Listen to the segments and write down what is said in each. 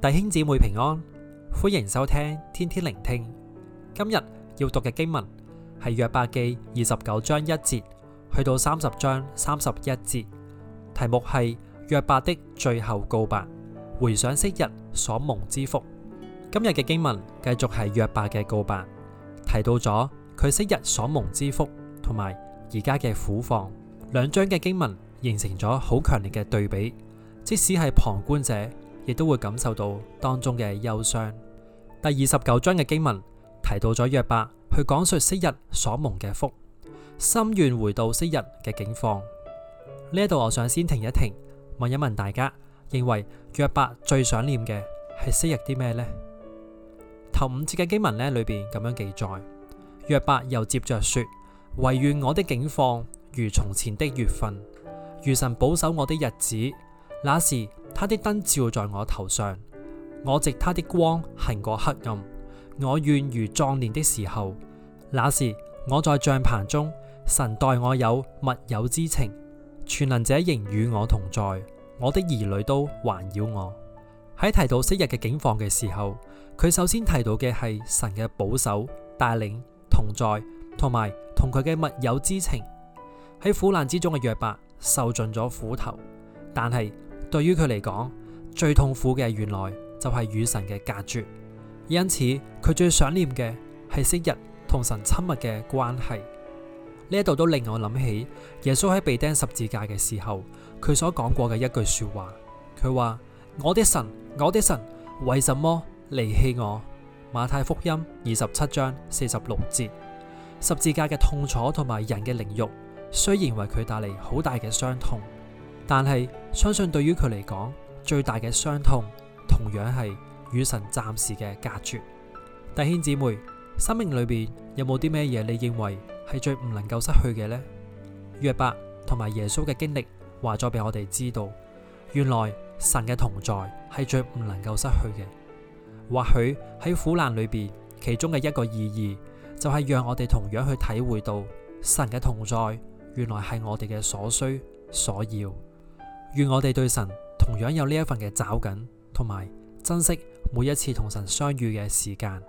弟兄姊妹平安，歡迎收聽天天靈聽。今日要讀嘅經文係約伯記二十九章一節去到三十章三十一節，題目係約伯的最後告白，回想昔日所蒙之福。今日嘅經文繼續係約伯嘅告白，提到咗佢昔日所蒙之福，同埋而家嘅苦況。兩章嘅經文形成咗好強烈嘅對比，即使係旁觀者。亦都會感受到當中嘅憂傷。第二十九章嘅經文提到咗約伯去講述昔日所蒙嘅福，心願回到昔日嘅境況。呢一度我想先停一停，問一問大家，認為約伯最想念嘅係昔日啲咩呢？頭五節嘅經文呢裏邊咁樣記載，約伯又接着說：惟願我的景況如從前的月份，如神保守我的日子，那時，他的燈照在我頭上，我藉他的光行過黑暗。我願如壯年的時候，那時我在帳棚中，神待我有密友之情，全能者仍與我同在，我的兒女都環繞我。喺提到昔日嘅境況嘅時候，佢首先提到嘅係神嘅保守、帶領、同在，同埋同佢嘅密友之情。喺苦難之中嘅約伯受盡咗苦頭，但係，對於佢嚟講，最痛苦嘅原來就係與神嘅隔絕，因此佢最想念嘅係昔日同神親密嘅關係。呢一度都令我諗起耶穌喺被釘十字架嘅時候，佢所講過嘅一句說話。佢話：我的神，我的神，為什麼離棄我？馬太福音二十七章四十六節。十字架嘅痛楚同埋人嘅凌辱，雖然為佢帶嚟好大嘅傷痛。但係相信對於佢嚟講，最大嘅傷痛同樣係與神暫時嘅隔絕。弟兄姊妹，生命裏邊有冇啲咩嘢你認為係最唔能夠失去嘅呢？約伯同埋耶穌嘅經歷話咗俾我哋知道，原來神嘅同在係最唔能夠失去嘅。或許喺苦難裏邊，其中嘅一個意義就係讓我哋同樣去體會到神嘅同在，原來係我哋嘅所需所要。願我哋對神同樣有呢一份嘅抓緊，同埋珍惜每一次同神相遇嘅時間。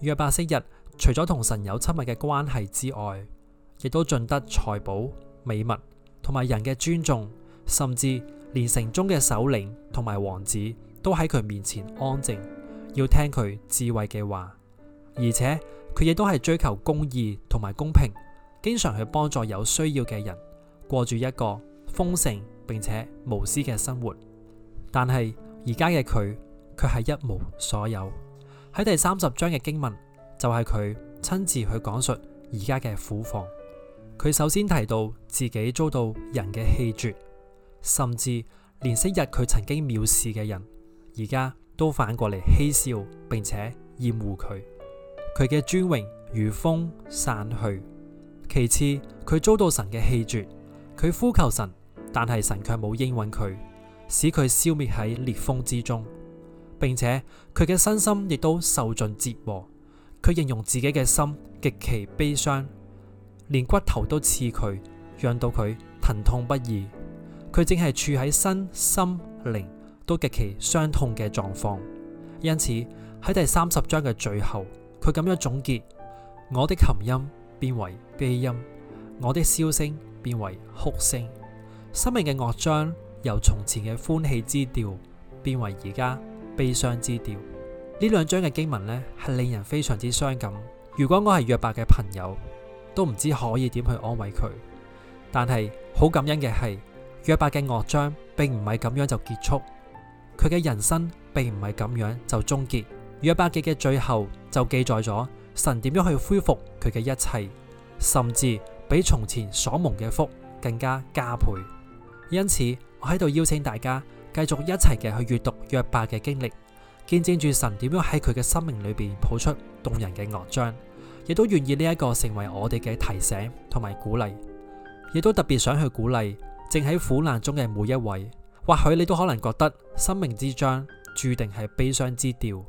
約伯昔日除咗同神有親密嘅關係之外，亦都盡得財寶、美物，同埋人嘅尊重，甚至連城中嘅首領同埋王子都喺佢面前安靜，要聽佢智慧嘅話。而且佢亦都係追求公義同埋公平，經常去幫助有需要嘅人，過住一個豐盛並且無私嘅生活，但係而家嘅佢卻係一無所有。喺第三十章嘅經文就係佢親自去講述而家嘅苦況。佢首先提到自己遭到人嘅棄絕，甚至連昔日佢曾經藐視嘅人，而家都反過嚟戲笑並且厭惡佢。佢嘅尊榮如風散去。其次，佢遭到神嘅棄絕，佢呼求神。但係神卻冇應允佢，使佢消滅喺烈風之中，並且佢嘅身心亦都受盡折磨。佢形容自己嘅心極其悲傷，連骨頭都刺佢，讓到佢疼痛不已。佢正係處喺身心靈都極其傷痛嘅狀況。因此喺第三十章嘅最後，佢咁樣總結：我的琴音變為悲音，我的簫聲變為哭聲。生命嘅樂章由從前嘅歡喜之調變為而家悲傷之調，呢兩章嘅經文呢，係令人非常之傷感。如果我係約伯嘅朋友，都唔知可以點去安慰佢。但係好感恩嘅係，約伯嘅樂章並唔係咁樣就結束，佢嘅人生並唔係咁樣就終結。約伯記嘅最後就記載咗神點樣去恢復佢嘅一切，甚至比從前所蒙嘅福更加加倍。因此，我喺度邀請大家繼續一齊嘅去閱讀約伯嘅經歷，見證住神點樣喺佢嘅生命裏邊譜出動人嘅樂章，亦都願意呢一個成為我哋嘅提醒同埋鼓勵，亦都特別想去鼓勵正喺苦難中嘅每一位。或許你都可能覺得生命之章注定係悲傷之調，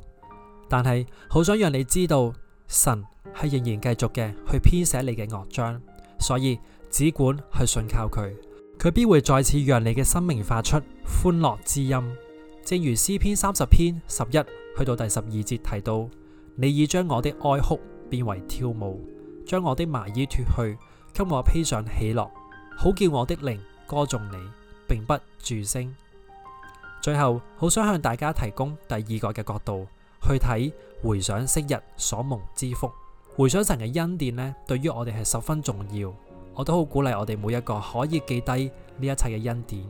但係好想讓你知道，神係仍然繼續嘅去編寫你嘅樂章，所以只管去信靠佢。佢必會再次讓你嘅生命發出歡樂之音，正如詩篇三十篇十一去到第十二節提到：你已將我的哀哭變為跳舞，將我的麻衣脫去，給我披上喜樂，好叫我的靈歌頌你，並不住聲。最後，好想向大家提供第二個嘅角度去睇，回想昔日所蒙之福，回想神嘅恩典呢，對於我哋係十分重要。我都好鼓勵我哋每一個可以記低呢一切嘅恩典，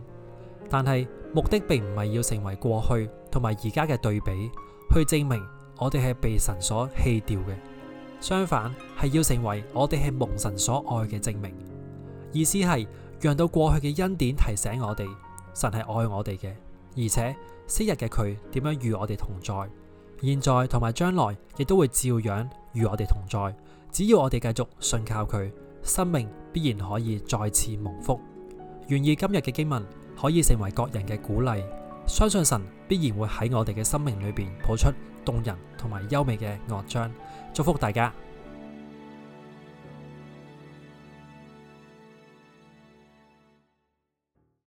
但係目的並唔係要成為過去同埋而家嘅對比，去證明我哋係被神所棄掉嘅。相反，係要成為我哋係蒙神所愛嘅證明。意思係讓到過去嘅恩典提醒我哋，神係愛我哋嘅，而且昔日嘅佢點樣與我哋同在，現在同埋將來亦都會照樣與我哋同在，只要我哋繼續信靠佢。生命必然可以再次蒙福，願意今日嘅經文可以成為各人嘅鼓勵，相信神必然會喺我哋嘅生命裏邊譜出動人同埋優美嘅樂章，祝福大家。